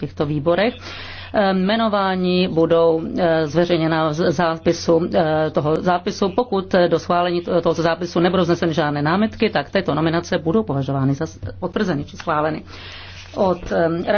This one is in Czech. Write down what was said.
těchto výborech. Eh, Jmenování budou eh, zveřejněna v zápisu eh, toho zápisu. Pokud do schválení tohoto zápisu nebudou zneseny žádné námitky, tak této nominace budou považovány za potvrzeny či schváleny. Od